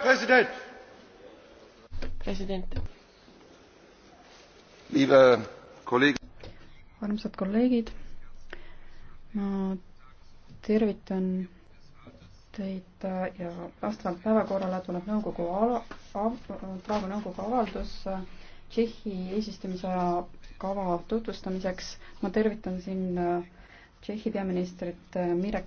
herr präsident! armsad kolleegid ma tervitan teid äh, ja vastavalt päevakorrale tuleb nõukogu ala- praegu nõukogu avaldus äh, Tšehhi eesistumisaja kava tutvustamiseks ma tervitan siin äh, Tšehhi peaministrit Mirek